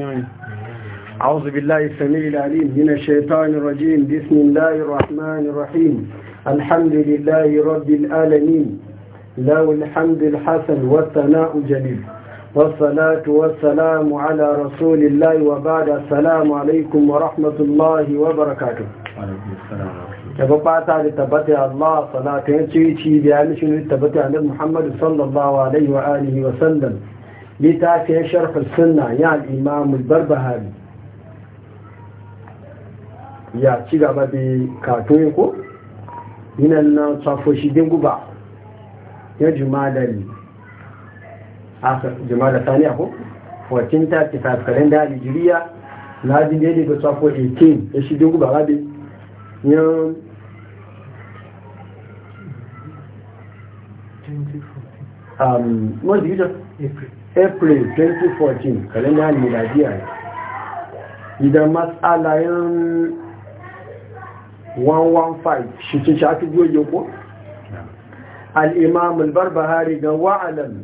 نعم أعوذ بالله السميع العليم من الشيطان الرجيم بسم الله الرحمن الرحيم الحمد لله رب العالمين له الحمد الحسن والثناء الجليل والصلاة والسلام على رسول الله وبعد السلام عليكم ورحمة الله وبركاته عليكم السلام daga fata da tabbata Allah salatu ya ce ci da ya mishi tabbata annabi Muhammad sallallahu alaihi wa alihi wa sallam littafin sharfin suna ya al'imamun barbahari ya ci gaba da katon ko yinan na tsafoshi din guba ya jumadali a jumada saniya ko 1435 kalenda aljiriya na jin daidai ga tsafo 18 ya shi din guba rabe yan 2014 um, april 2014 kalendar miladiya idan matsalayen 115 shi ce shafi goge ko? al'imam albarbahari ga wa’alan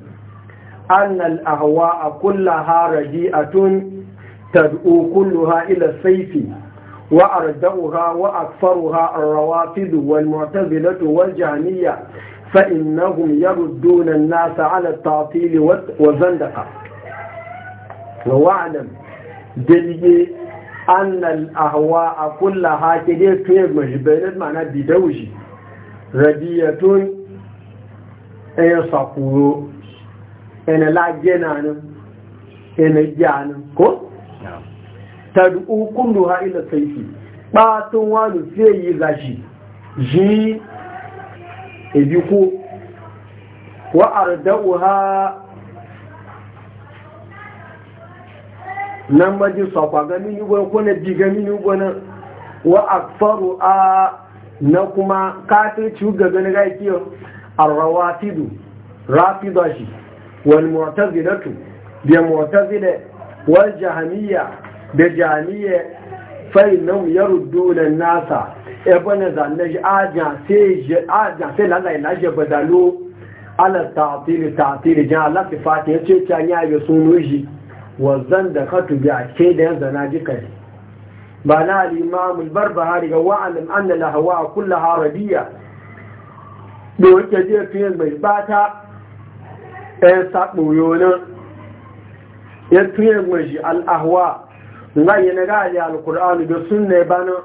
an al'ahawa a kulla haraji a tun tad'u kullu ha’ila saifi wa arda'uha wa akfaruha ar-rawafid wal mu'tazilatu wal فإنهم يردون الناس على التعطيل والزندقة وعلم دليل أن الأهواء كلها كده كيف مجبرة معنى بدوجي ردية يصفو أنا لا جنان أنا جان كو نعم. تدعو كلها إلى السيف باتوان نفيه زجي جي ebi ko wa arda'uha nan maji sakwa gami yugo ko na bi gami yugo na wa akfaru a na kuma ci ga gani ga kiyo arrawatidu rafida shi wal mu'tazilatu bi mu'tazila wal jahmiyya bi jahmiyya fa innahum yarudduna an-nasa ebonin zanneji ajan sai lalaye lashe badalo ala tatili tatili jan alafi fata ya ce can ya yi sun shi wazan da ka tubi a ke da yanzu na ji kai ba na alimamu barbahari ga wa'alim an da lahawa a kulla harabiya da wake je fiye mai bata ɗaya saɓoyo nan ya fiye mai shi al'ahwa ga yi na gaji al-kur'anu da sunne banan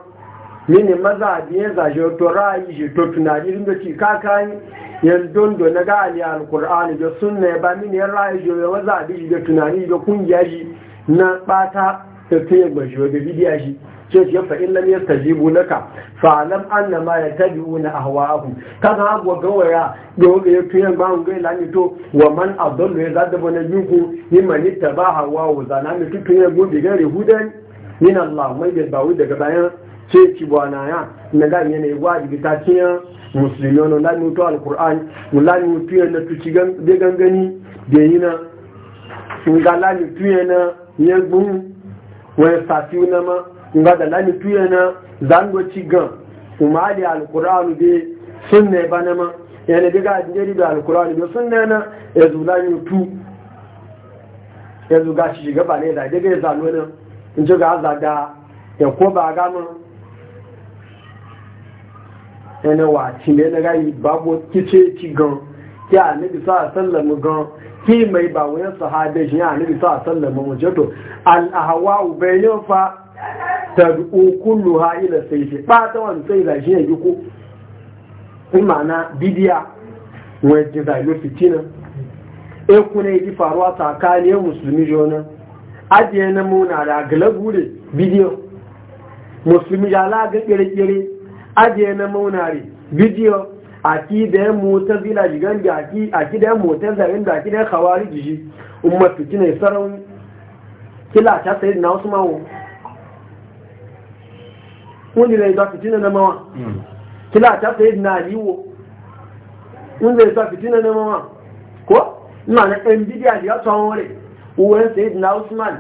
mini maza biye shi to ra'ayi shi to tunani irin da ci kakan yan dondo na gali alqur'ani da sunna ba mini ra'ayi shi ya maza bi da tunani da kungiya shi na bata ta yi gbashi da bidiya shi ce ya fa in lam yastajibu laka fa lam anna ma yatabi'una ahwa'ahum kaga abu gawaya do ga ya tuyan ba ngai lani to wa man adallu ya zada bana yuku himman ba hawa wa zanami tutu ya gobe gare hudan min Allah mai da bawu daga bayan sai ci bwana ya na ga yana yi wajibi ta cinya musulmi wani lami mutu alkur'an lami mutu yana tuci da gangani da yi nga lami mutu yana ya gun wani safi na ma nga da lami mutu yana zango ci gan kuma da alkur'an da sun ne ba na ma yana daga ajiyar da alkur'an da sun na ya zo lami mutu ya zo gashi shiga ba ne da daga ya zalo na in ji ga ya ko ba gama ẹni wà tí yana gayi babu kice gan ki gan kí mai ba wani sahabe shi annabi mu jato al ahwa bayan fa tad'u kulluha ila sayyidi ba sai da shi yake ko imana bidiya wani jizailu fitina e kuna yi faruwa na muna bidiyo musulmi ga ajiye na maunari bidiyo aki da ya mota zila jigan da aki aki da ya mota zarin da aki da ya kawari jiji ummatu kina yi sarauni kila ta sayi na wasu mawo wani da ya zafi tina na mawa kila ta sayi na aliwo wani da ya zafi tina na mawa ko na na ɗan bidiya da ya tsawon wani uwan sayi na usman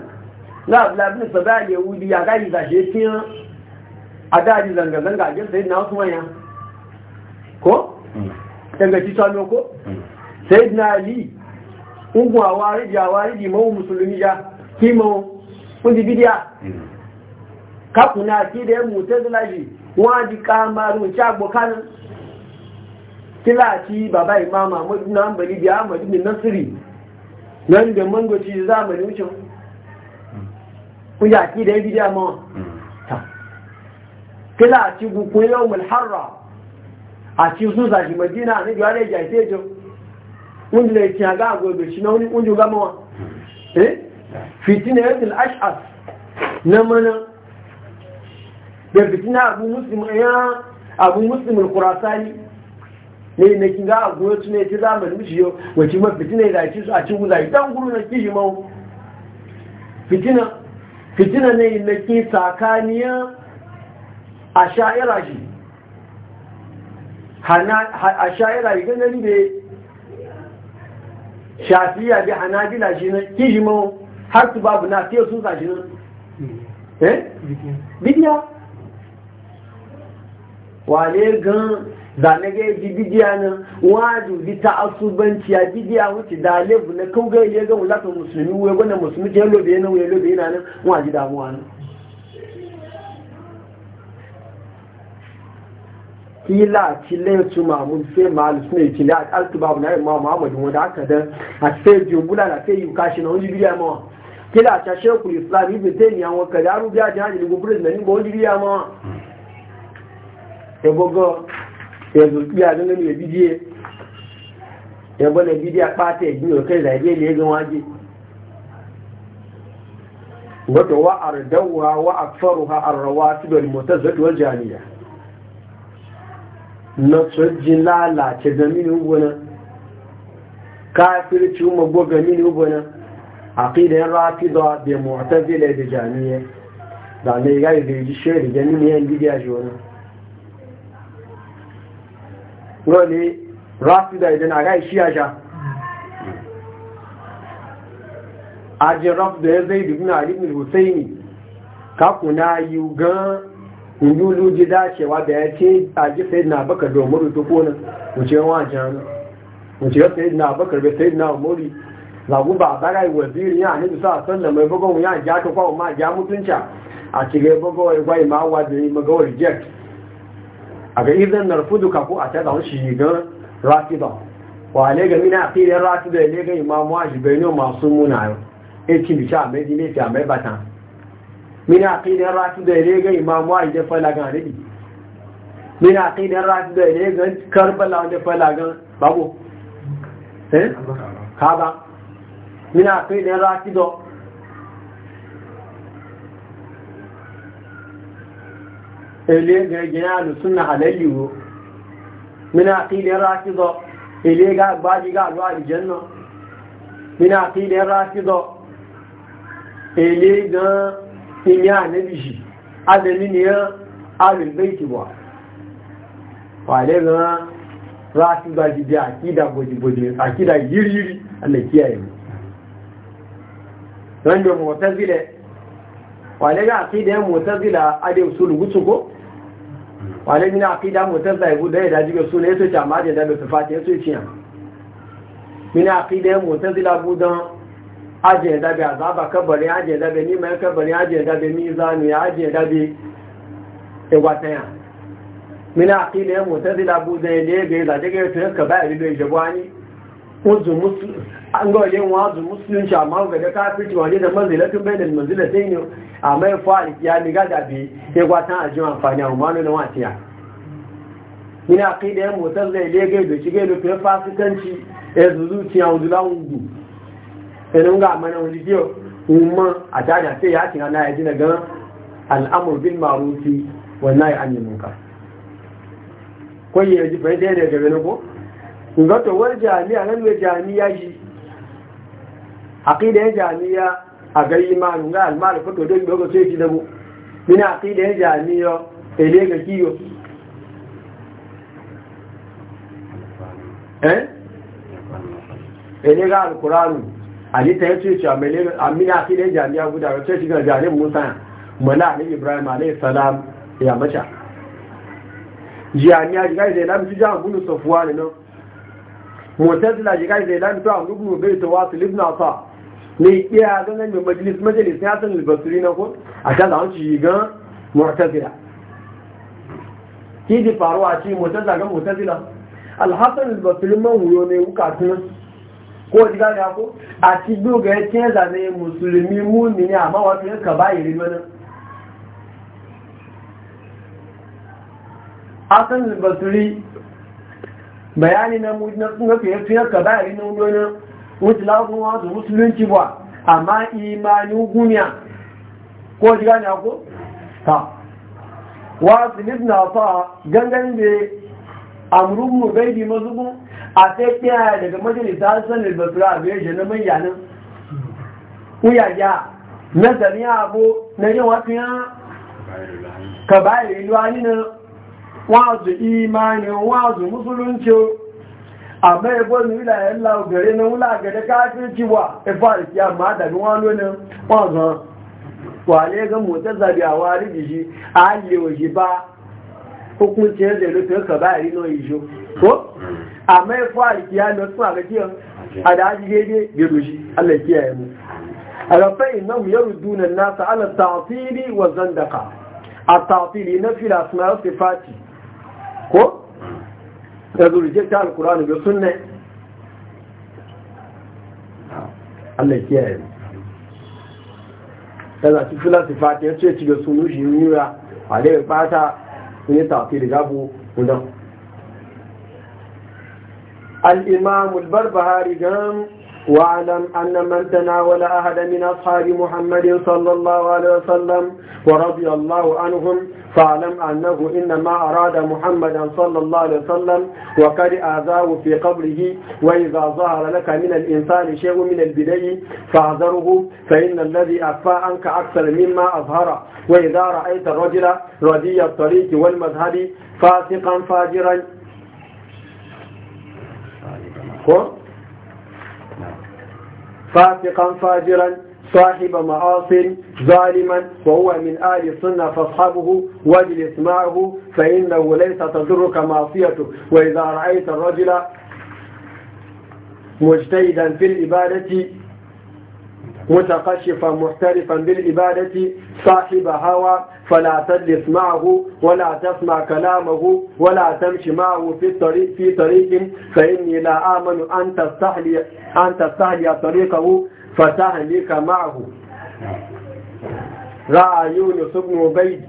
na abu labin sabari yahudi ya gaji zashe tiyan a daji zanga-zanga a jirgin na wasu manya ko? Mm. dangaci salo ko? Mm. sai na yi unguwa wariji a wariji mawu musulmi ja kimo kundi bidiya mm. kakuna ki da ya mutu zilaji wadi kamaru shagbo kanin kilaci baba imama madina ambali biya amadu nasiri nan da mangoci zamanin wucin kundi a ki da ya bidiya mawa kila a ci gukun yau mulharra a ci su zaji madina ne jiwa da jaise jo wanda da ci haga gobe shi na wani kunju gamawa eh fitina yadda ash'as na mana fitina abu muslim ya abu muslim al-qurasani ne na kinga a goyo tune ci zamanin mishi yau wace ma fitina ya ci su a ci dan guru na kishi mau fitina fitina ne na ki sakaniya a sha'ira shi a sha'ira shi ganin da shafiya da hanabila shi na kishimo har su babu na fiye sun sa shi nan hmm. eh bidiya wale gan zanage yi bidiya nan waju bi ta asubanci a bidiya wuce da lebu na ya ga wulatan musulmi wai gwanan musulmi ke lobe na wai lobe na nan waji damuwa nan kila cile su mamun sai malu suna yi cile a babu na yin mamu amadu wanda aka dan a sai jumbula na sai yi kashi na wani biya mawa kila ta sheku islam ibn taymiya wa kadaru biya jihadi lugu burin da ni ba wani biya mawa ya gogo ya zuciya ganin ya bidiye ya bane bidiya ɓata ya biyo kai da ya ne ga waje wato wa ardawha wa akfaruha arrawatib al mutazakkil wal jahiliya na sojin lalace ga mini ubona kafirci magwa ga mini ubona aqidan da bi mu'tazila da jami'a da ne ga yi ji shiri ga mini yan bidiya shi wani wani rafida idan a ga shi ya sha ajin rafida ya zai dubi na alibin husaini kakuna yi gan hululu ji dacewa da ya ce a ji sai na baka domin rutuku nan wuce wa jan wuce ya sai na baka bai sai na umuri lagu ba ta rai waziri ya ne bisa san da mai bugun ya ja ta kwa ma ja mutunca a cike bugun ya gwai ma wa da ma ga reject a ga idan narfudu ka ko a ta da shi ga rafida wa ne ga mina akidar rafida ne ga imamu a jibenu masu munayo e ci bi cha mai dine ta mai batan min aqidar rafida ne ga imam wa da fala ga nabi min aqidar rafida ne ga karbala da fala ga babu eh kaba min aqidar rafida ele ga jinalu sunna halalli wo min aqidar rafida ele ga gbaji ga alwa aljanna in ya annabi shi adami ne ya alul baiti ba kwale ga rasu ba jide akida bojiboji akida yiri-yiri allah kiyaye mu don da motazila kwale ga akida yan motazila ade usulu gutu ko kwale gina akida motazila ibu da ya daji ga suna ya soce amma da ya su fata ya soce yan ajiye dabe azaba kabari ajiye dabe nima ya kabari ajiye dabe mizanu ya ajiye dabe egwatanya mina akila ya motar zila buzan ya lega ya zaje gaya tunan ka baya rido ya gwani an ga yin wazu musulunci amma ga da kafirci wani da manzilatun bai da manzila ne a mai fari ya niga da bi ya gwatan ajiyar amfani a umarnu na watiya mina akila ya motar zai lega ya doci gaya da tunan fasikanci ya zuzuciya wuzula wudu ẹnu ga mana wani biyo umma a dada sai ya tira na ya ji daga al'amur bil ma'rufi wa nahy anil munkar ko ya ji fa dai daga wani ko in ga to war jami'a nan yi akinda shi aqida jami'a a ga imanu ga al-mal fito don dogo sai ki dago mina akinda jami'a ele ga kiyo eh ele ga hadita ya ce cewa mai amina a filin jami'a guda ga ce shiga jarin musa mana ne ibrahim alayhi salam ya mace jami'a jiga zai lamci jihar gudu safuwa ne nan mutazila jiga zai lamci a gudu bai ta wasu libna sa ne iya ganin mai majalis majalis ya san libasiri na ko a kan zaun ci ga mutazila ki ji faruwa ci mutazila ga mutazila alhassan libasiri man wuyo ne wukatun ko ji gane ko a ti duga ya ce zane musulmi mumini amma wato ya ka bayi rimana asan basuri bayani na mujina sun ga fiye fiye ka bayi rimana wani wuce lafin wasu musulunci ba amma imani guniya ko ji gane ko ta wasu libna ta gangan da amurin mu bai bi mazubin a sai kiya daga majalisa hassan al-basra a biyar shi na manyanin uyaja na sami abu na yin wasu ya ka bayar ilu hannun wazu imanin wazu musulunci a mai gwani wilayen laugare na wula wulagare kafin ciwa ifar e ma daga wani wazan wale ga motar zabi a wari da shi a hallewa shi ba hukuncin da ya rufe ka bayar ilu yi shi amma ya fa alkiya na suna ga kiyan a da haji daidai bai shi Allah kiyaye mu a rafa innahu yarudduna an-nasa ala ta'tili wa zandaqa a tatili na fil asma'i sifati ko da zurje ta alqur'ani da sunna Allah kiyaye mu kaza ci fil sifati ya ce ci ga sunu shi yura a da fata ne ta'tili gabu mudan الإمام البربهاري جام واعلم أن من تناول احد من أصحاب محمد صلى الله عليه وسلم ورضي الله عنهم فاعلم أنه إنما أراد محمدا صلى الله عليه وسلم وقد آذاه في قبره وإذا ظهر لك من الإنسان شيء من البداية فاعذره فإن الذي أخفى عنك أكثر مما أظهر وإذا رأيت الرجل رضي الطريق والمذهب فاسقا فاجرا ko فاجرا صاحب معاص ظالما وهو من آل السنة فاصحبه واجلس معه فإنه ليس تضرك معصيته وإذا رأيت الرجل مجتهدا في الإبادة متقشفا محترفا بالعبادة صاحب هوى فلا تجلس معه ولا تسمع كلامه ولا تمشي معه في طريق في طريق فإني لا آمن أن تستحلي أن تستحلي طريقه فتهلك معه رأى يونس بن عبيد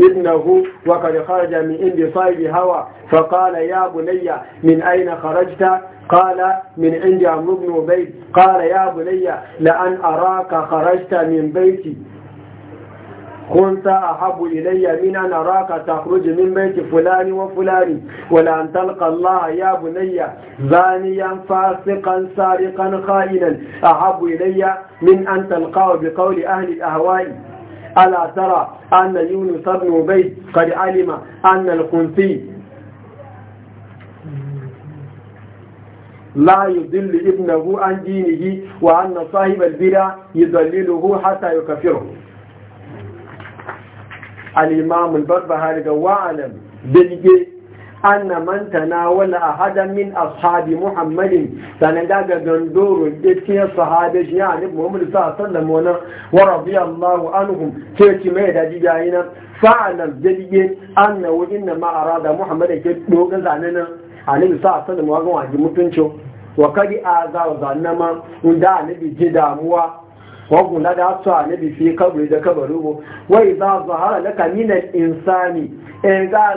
ابنه وقد خرج من عند صاحب هوى فقال يا بني من أين خرجت قال من عند عمرو بن عبيد قال يا بني لأن أراك خرجت من بيتي كنت أحب إلي من أن أراك تخرج من بيت فلان وفلان ولأن تلقى الله يا بني زانيا فاسقا سارقا خائنا أحب إلي من أن تلقاه بقول أهل الأهواء ألا ترى أن يونس بن عبيد قد علم أن القنفي لا يضل ابنه عن دينه وأن صاحب البدع يضلله حتى يكفره الإمام البربهاري قال وعلم بالجي أن من تناول أحدا من أصحاب محمد سنجاق دندور الصحابة صحابة ابن عمر صلى الله عليه وسلم ورضي الله عنهم تيتي ميدا جيجاينا فعلم بالجي أنه إنما أراد محمد كتبه قزعننا Ani annabi sa a sallam wa gawa ji mutunci wa kadi aza wa zannama inda annabi ji damuwa wa gula da su a annabi fi kabri da kabari kabaru wa idza zahara laka min al-insani in eh, ga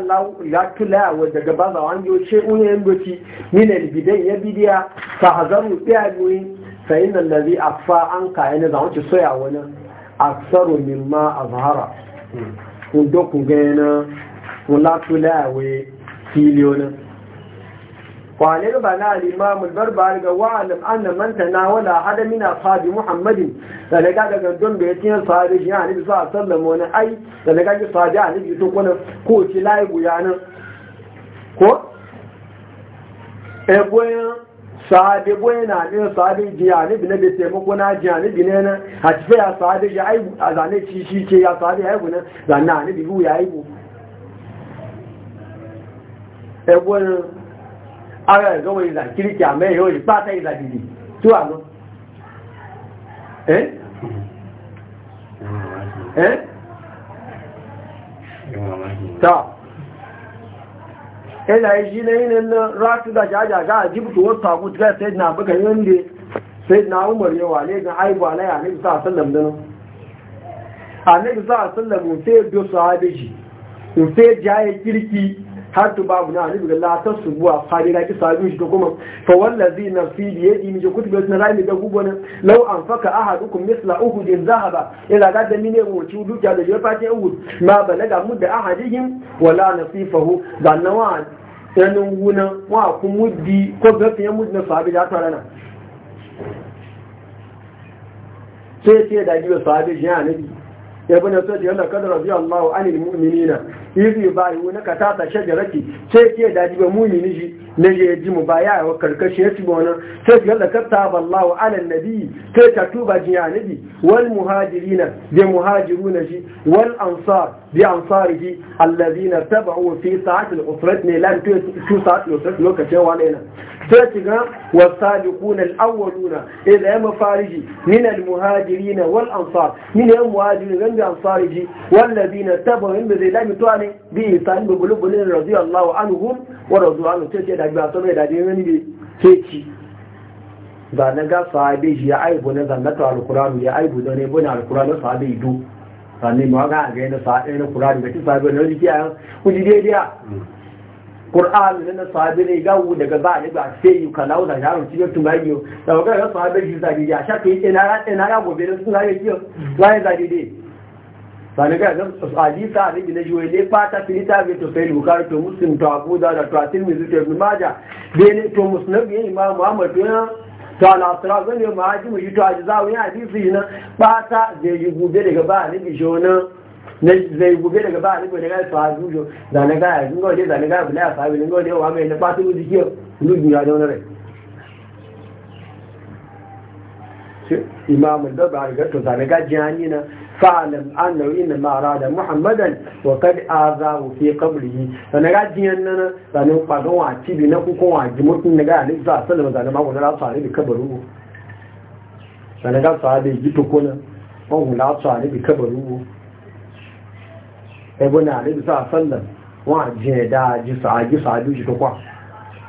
a tula wa daga baza wan yo ce un yan goci min al-bidan ya bidiya fa hazaru biya goyi fa inna allazi afa an ka yana da wuce soya wani a aksaru a azhara kun hmm. dokun ga yana kun la tula wa filiyona wane ba na al-imam al-barbar ga wa'alam anna man tanawala hada min ashabi muhammadin da daga daga don da yake sahabi shi annabi sallallahu alaihi wasallam wani ai da daga ki sahabi annabi to ko ko ci lai guyanan ko e boyan sahabi boyan ne sahabi ji annabi ne bai taimako na ji nufi ne na a ci ya sahabi ya ai zane ci shi ce ya sahabi na, gunan zanna annabi ya ai bu e ara ẹ̀gọ́ wọn ìlà kíríkì àmẹ́ ìhó ìpáta ìlà dìdì tó wà lọ ẹ́ ẹ́ ẹ̀là ìṣí lẹ́yìn lẹ́nà rátúdà jàjàjá àjíbùtò wọ́n tàkù tí kẹ́ sẹ́dìnà àbúkà yóò ń lè sẹ́dìnà umar yóò wà lẹ́gbẹ̀ẹ́ aibu aláyà har tu babu na alibi la ta subu a fari da kisa abin shi da kuma fa wallazi nafsi bi yadi mi je kutu na rami da gubo na law an faka ahadukum misla uhud zahaba ila ga da mine mu ci duka da jefa ce uhud ma balaga mudda ahadihim wala nasifahu da nawa yanin wuna wa ku muddi ko gafi ya muddi na sahabi da tare na sai ce da jiwa sahabi shi nabi ibn sa'd yana kada radiyallahu anil mu'minina na yubayunaka ta ta shajarati sai ke daji mu'mini shi na ya ji mu baya a karkashin ya shiga wani sai ga da nabi sai ta tuba nabi wal muhajirina bi muhajiruna shi wal ansar bi ansarihi alladhina tabu fi sa'ati al usrat ne lan su al usrat lokacin wani sai ga min al wal ansar min wal zai lami ne bi bulubulin radiyallahu anhum wọ́rọ̀ zuwa nù tẹ́tẹ́ a àtọ́rọ̀ ìdájú ìrìn níbi tẹ́ẹ̀kì ba na ga sahabe shi ya aibu na zangata alkuranu ya aibu ne bu na alkuranu sahabe ido sannan ma ga ga na na kuranu na jiki ayan kudi daidai a qur'an na sahabe ne ga wu daga ba ne ba sai yu kana da yaron cikin tungayo da ga sahabe shi gobe ba na gaya zan hadisa a rigina shi wai fata filita bai to sai bukari to muslim to abu da da to a tilmi zuke ibn maja bai ne to musnad ya imam muhammad to ya to al'asira zan yi mahajimu shi to ajiza wani hadisi shi na fata zai yi gobe daga ba a ribi shi wani zai gobe daga ba a ribi daga su hazu jo da na gaya zan gode da na gaya bula ya sabi na gode wa mai na fata mu jikiyar lujin ya zaune rai imam da ba a rigar to zane gajiya ni na fa'alam annahu inna ma arada muhammadan wa kad azahu fi qabrihi sana ga jiyan nan sana kwa ga wa tibi na ku ko wa ji mutun daga alif za sallama sana ma ko da tsare bi kabaru sana ga sahabe ji to kona on hula tsare bi kabaru ebo na alif za wa je da ji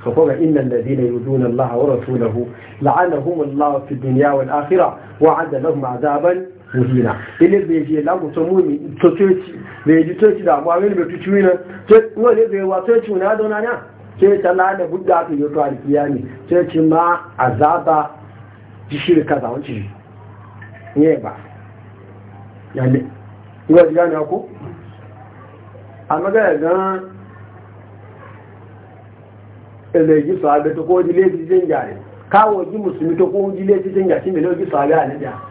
فقال إن الذين يؤذون الله ورسوله لعنهم الله في الدنيا والآخرة وعد لهم عذابا wùhìnà ilé bèèjì lágùntọ́ mú ní tọ́tọ́ẹ̀tì bèèjì tọ́tọ́ẹ̀tì dàmú àwọn ènìyàn tuntun iná wọ́n lè bèèwà tọ́tọ́ẹ̀tì wọn adọ́nà náà tọ́tọ́ẹ̀tì aláàdà buddha tó yóò tó àríkìyà ní tọ́tọ́ẹ̀tì má àzába jíṣìrì kaza ya ti ní ẹ̀bà yàlẹ̀ wọ́n ti gánà ọkọ́ àmọ́gẹ́rẹ̀ gan ẹ̀lẹ̀ ìjì sọ àgbẹ̀ ji kó ojúlé ti jẹ́ ìjà rẹ̀ káwọ̀ ojú ji tó kó ojúlé ti jẹ́ ìjà sí mi lójú sọ àgbẹ̀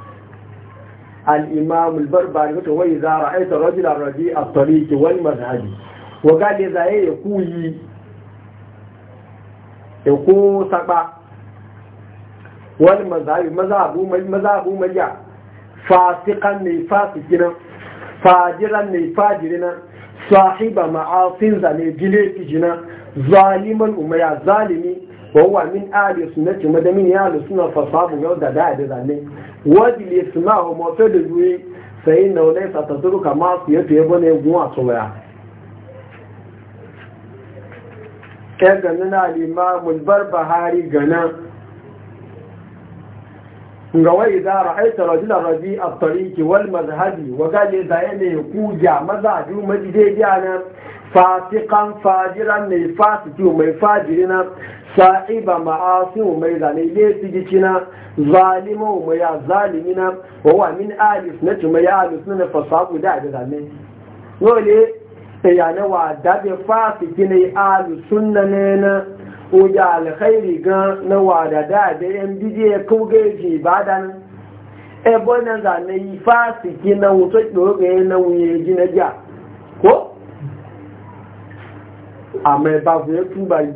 الإمام البربري وإذا رأيت الرجل الرديء الطريق والمذهب وقال إذا يقوي يقو سبا والمذهب مذهب مذهب مجا فاسقا فاسقنا فاجرا فاجرنا صاحب معاصي زني جنا ظالما أميا ظالمي Waƙo wa min adi suna cimma don min yaro suna fasfafu yau da da yadda zan yi. Wani ne ya cimma wa motsar da zuciyar? Sai in naunai satadurka ma fiye-fiye ba na igunan tsohiyar. Ƴan tsanin bar Buhari gana. Nan ga wa'idawa Aisha na rabi a tarihi a tarihi ke walimanta Haji, wajen na fasikan fajiran mai fasiki mai na sa'iba ma'asi mai zane laifi na zalima mai ya zalimina na wa min alif na ci mai alif na fasaku da da zane dole e yana wa dabe fasiki na alu sunna ne na uja alkhairi ga na wa da da da yan bidiye kuge ji badan ebo na zane fasiki na wuto doge na wuye ji na ko àmọ́ ẹ̀bá fún yẹn tún báyìí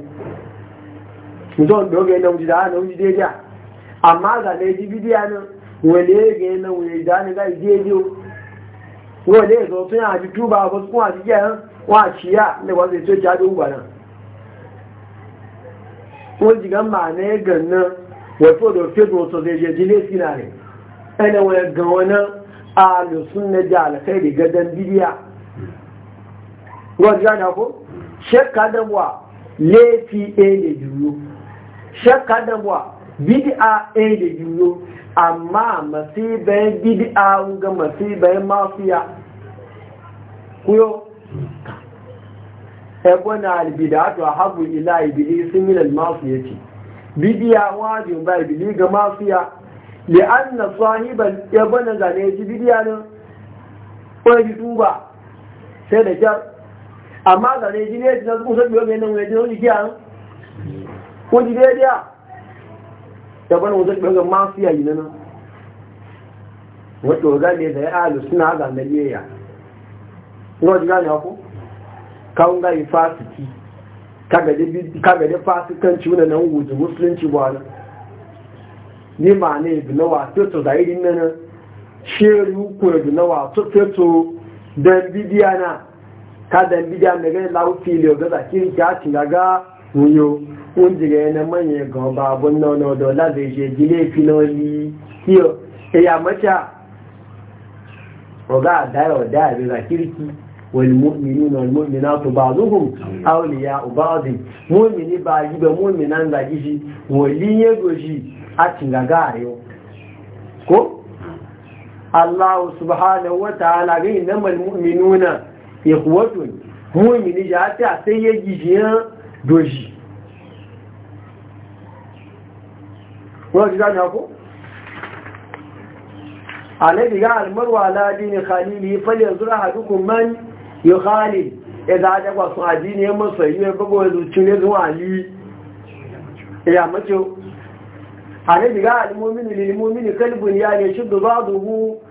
di ọ̀gbẹ́ ọ̀gẹ́ náà òjìdá náà òjìdé jà àmọ́ àgàlẹ̀ ẹjí bídí àná wọ́n náà ìdí èdè o wọ́n lè náà wọ́n jìgá náà wọ́n tó lọ náà rẹ̀ ẹni wọ́n ẹ̀gàn wọn náà àlùsùn shakka da buwa laifi ɗaya da juyo shakka da buwa bid'a ɗaya da juyo amma masibai bid'a ga masibai mafiya kuyo ebona albidatu habu ila iblis min ce bidiya wajin ba ibili ga mafiya li anna sahiban ebona zane ji bidiya ne ko ji tuba sai da kyar amma zane ji ne ya na zuku sabi wani nan wajen wani kiya ko ji dai dia da bana masu yayi na nan wato ga ne da ya alu suna ga na liya ga wajen gane ku kawun ga yi fasiki kaga da fasikanci wani nan wuce musulunci ba ni ma ne na wato da irin nan shi na na kada bidiya ne ga lawo fili ga da kiri ka ci ga muyo un jige ne manye ga ba bun no no do la zai je gile finoli kiyo e ya mata oga da yo da bi ga kirki wal mu'minuna wal mu'minatu ba'dhum awliya'u ba'd mu'mini ba yi ba mu'minan da gishi waliye goji a ci ga ga yo ko Allah subhanahu wa ta'ala ga innamal mu'minuna ìkúwọ́dùn hún ìmìnijá àti àtẹ́yẹ jìjì hàn dòjì wọ́n ti dáni ọkú alẹ́bìgá almarwa aláàdí ni khalili fẹ́lẹ̀ man yóò khalì ẹ̀dà ajẹ́gbà fún àdí ni ẹmọ́ sọ̀yí ẹgbẹ́gbẹ́ ẹ̀lú tílé zuwa alì ìyàmọ́tíó alẹ́bìgá alimomin ilimomin kalibun ya ne ṣudu bá dubu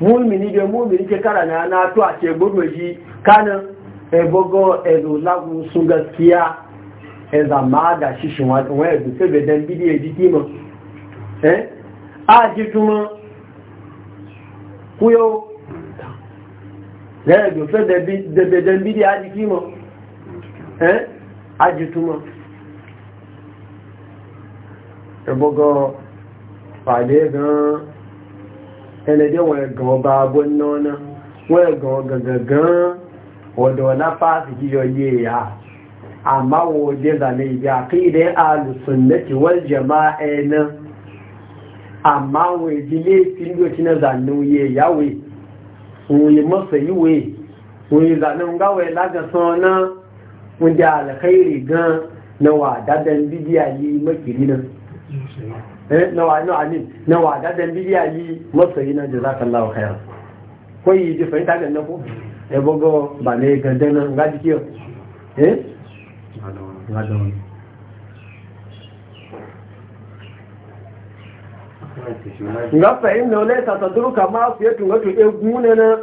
múmìnì bẹ múmìnì ke kara na na to a ce gbogbo shi kanin ebogo ezo lagun su gaskiya eza wani ezo sai bai dan bidiyar ma eh a ji tuma kuyo lẹ́yìn e ezo sai bai dan ma e? e gan-an ẹnẹdẹ wọn ẹgàn ọba abọ náà wọn ẹgàn ọgàngàngàn ọ̀dọ̀ lápáàsì yíyọ yé ya àmá wọn òde zàlẹ ìdí àkíyèdè alùsùn lẹtì wọn jẹmá ẹnà àmá wọn ìdílé tìǹbù tìǹbù zàlẹ òye ìyáwó òun yìí mọ̀sẹ̀ yíwé òun yìí zàlẹ ńgáwẹ̀ lágàsán náà wọn jẹ àlẹkẹ́ ìrì gan náà wà dáadáa ń bíbí àyè mọ́kìrì Eh, na wani amin na da dan bidiya yi masoyi na jazakallahu khairan ko yi ji fahimta ga nako e bogo ba ne ganda nan ga dike eh ga da wani nga fahim na wale ta ta duruka ma fiye tunga tu e gune na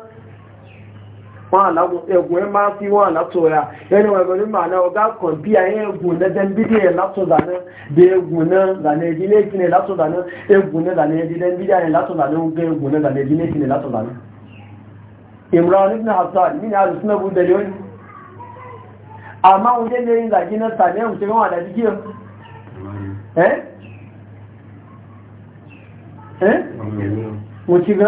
wọn àlágùn ẹ̀gùn ẹ máa fi wọn àlátọ̀ra ẹni wọn ẹ̀gùn mímọ̀ àná ọgá kan bí ayé ẹ̀gùn lẹ́dẹ̀ bídí ẹ̀ látọ̀dà náà bí ẹ̀gùn náà lànà ẹ̀dí lẹ́sìn ẹ̀ látọ̀dà náà ẹ̀gùn náà lànà ẹ̀dí lẹ́dẹ̀ bídí ẹ̀ látọ̀dà náà ọgá ẹ̀gùn náà lànà ẹ̀dí lẹ́sìn ẹ̀ látọ̀dà náà. imran ibn hasan min al-sunnah bu dalil amma wanda ne yin zagi na sami mu cikin wanda jike eh eh mu cikin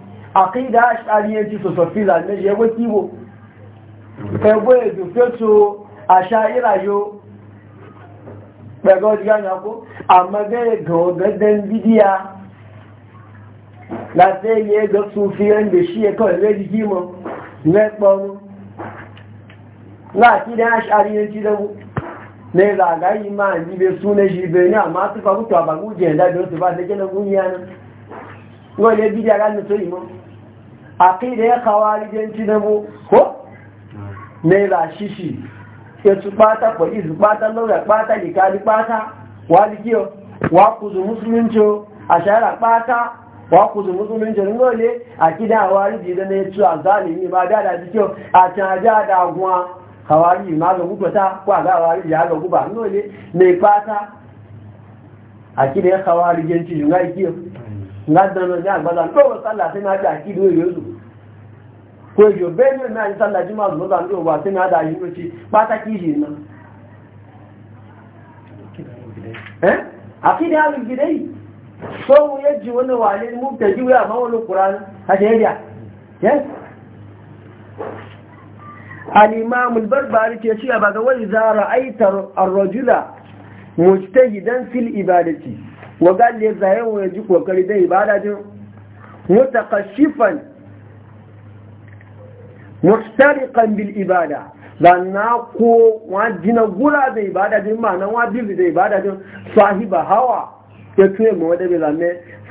àkídá àṣàríyẹ́tì sọ̀sọ̀fílà méjì ẹgbẹ́ kíwò ẹgbẹ́ ko, fẹ́tò àṣà ìràyò pẹ̀gọ́ ìgbàyànkó àmọ́gẹ́ gọ̀ọ̀gẹ́gẹ́ bídíà láti ẹyẹ ẹgbẹ́ tún fi ẹ́ndẹ̀ sí ẹkọ́ ìrẹ́dì kí mọ́ lẹ́pọ̀ọ́nù láàkídá àṣàríyẹ́tì lẹ́wọ́ ní ìlàgá wọ́n lè bí yàrá ní tó ìmọ́ àkídẹ̀ ya kàwàrí jẹ́ tí na mú kó náírà ṣíṣì ẹ̀tù pátá pọ̀lísì pátá lọ́rẹ̀ pátá ìkàlí pátá wà ní kí ọ wà kùzù musulunci àṣàrà pátá wà kùzù musulunci ní wọ́n àwárí jẹ́ na ẹ̀tù àzáàlì ní máa dáadáa sí kí ọ àti àjá àdàgùn àwárí máa lọ gúgbọ́ta kó ya ládánà ní àgbàdà lọ́wọ́ sálà tí máa jà kí lórí oṣù kò èyò bẹ́ẹ̀lú náà ní sálà jí máa lọ́dà ní òwà tí máa dáa yíó ṣe pátákì yìí náà ẹ́ àkídẹ́ àrùgidẹ́ yìí tó wù yé jù ó náà wà ní mú tẹ̀júwé àmáwọn olókùnrin ní àṣẹ́yẹ́dìá الإمام البربري يشيع بعد وإذا رأيت الرجل مجتهدا في الإبادة wa galle zayen wa ji kokari da ibada jin mutakashifan mustariqan bil ibada na ko wa jina gura da ibada jin ma nan wa da ibada jin sahiba hawa ya tuye mu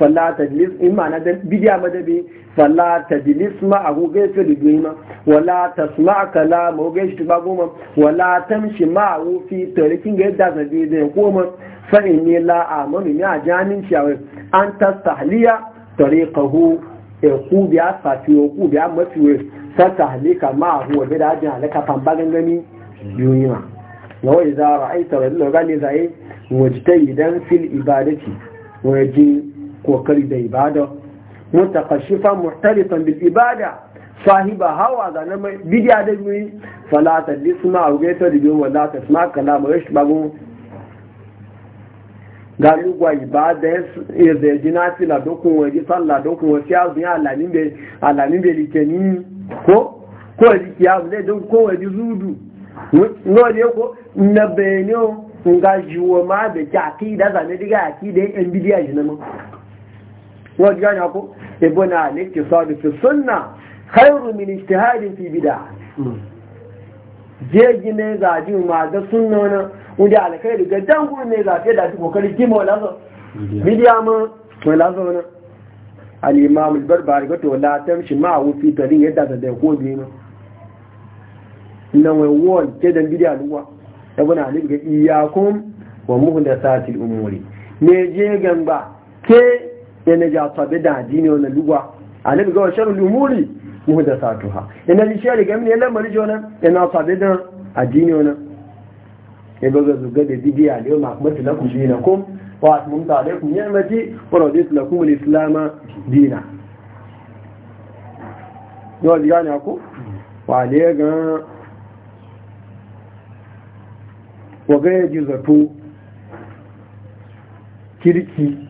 falla tajlis in ma na da bidiya madabi falla tajlis ma a gogai fi duniya wala tasma kala ma gogai shi ba goma wala mishi ma a wufi tarikin ga yadda zai zai koma fa ne ni la a mami ne a jami'in ciyawai an ta tahliya ya ku biya safi ku biya mafi ta tahlika ma huwa bai da ajin halaka fambagan gani yuyima wa idza ra'aita rajul ghali zai idan fil ibadati waji kokari da ibada mutakashifa muhtalifan bil ibada sahiba hawa ga na mai bidiya da yi fala ta disma a gaita da biyu wala ta sma kalama ya shi bagun ga lugwa ibada ya zai ji na fila dokun waje sallah dokun wasu ya zuya alamin bai likeni ko ko waje kiyasu zai don ko waje zudu ne ko na benin nga jiwo ma da ki akida zane diga akida yan bidiya shi na mu wajen gane ku ibn alikti sabi fi sunna khairu min ijtihadin fi bid'a je gine ga ji ma da sunna wani wanda alkhairi ga dangu ne ga sai da kokari kima wala zo bid'a ma wala zo wani al-imam al-barbari ga to la tamshi ma hu fi tarin yadda da ko bi ne nan wai won ke dan bid'a luwa ibn alikti ga iyyakum wa muhdathatil umuri ne je gamba ke yana ga sabi da addini wani lugwa nan ga sharru lumuri ha yana ji shari ga mene lamari jona yana sabi da addini wani ya e ga zuga da bidiya da yau akmatu na kum wa atmamtu alaykum ni'mati wa raditu lakum al-islam dina yau ji gane ku wa le ga wa ga ji zato kirki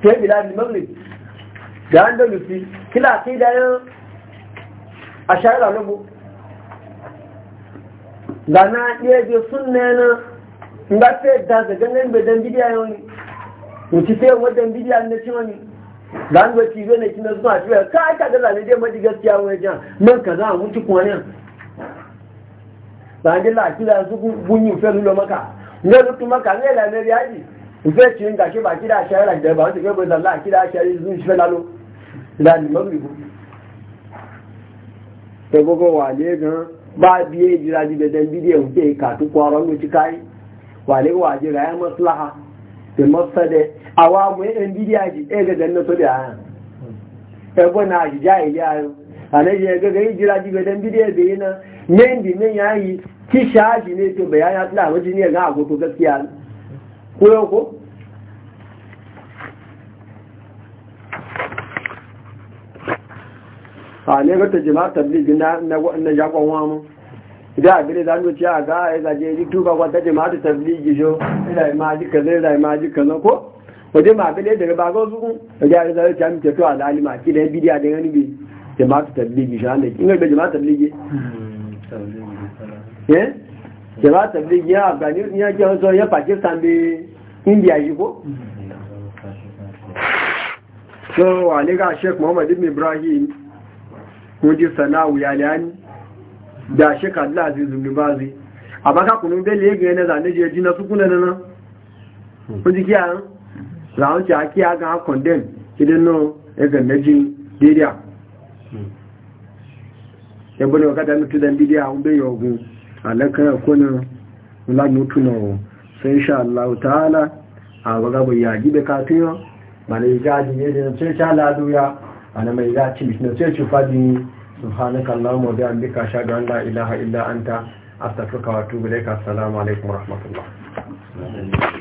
ta Bila bilal maghrib da andalusi kila sai da yan a shayar shahara lubu da na ɗaya je sunna na nga sai da zagan nan bai dan bidiya yau ne wuce sai yau dan bidiya na ci wani da an gwaci zai na kina zuwa ci ka aka ga zane dai maji gaskiya wani jan man ka za a mutu kuma ne ba an ji lafiya su gunyi fe lulo maka ne lutu maka ne lamar yaji ìfẹ́ tí ń gà kí bà kí dá aṣẹ́ ìrìnàjò ẹ̀bà ó ti gbẹ́gbẹ́ ìdàlá kí dá aṣẹ́ ìlú ìṣẹ́ lálọ́ ìlànà mọ́gbìgbò ẹgbogbo wà lé gan bá bí i ìdíra di dẹ̀dẹ̀ ẹ̀hùn tí ìkà tó kọ ọrọ̀ ló káyí wà lé wà jẹ́ ráyà mọ́ síláha tè àwọn amú ẹ̀hùn bí i kuyo ko a ne ga ta jima tabligi na na jagon wa mu da gire da nuci a ga ya zaje yi tuba kwa ta jima ta tabligi jo ila ma ji kaza ila ma ji kaza ko waje ma bele da ba ga su da ya zaje ta mi to alali ma ki da bidiya da ngani bi jima ta tabligi jo ne inga da jima tabligi hmm, eh jama tabbik ya afghanistan ya jansar ya pakistan da india yi ko? so wale ga sheik muhammad ibn ibrahim kundi sana'u da sheik abdulaziz ibn bazi a baka kunun bele ya na zane je na na idan ya jin daidai ya yi alaka ya kuna lamutu na wo sai Allah ta'ala a waga bai yaji da katiyo ba yi gaji ne da sai sha laduya na mai gaci bisna sai ci fadi subhanaka allahumma bi amrika shada an ilaha illa a tafi kawatu atubu ilaika salamu alaikum rahmatullah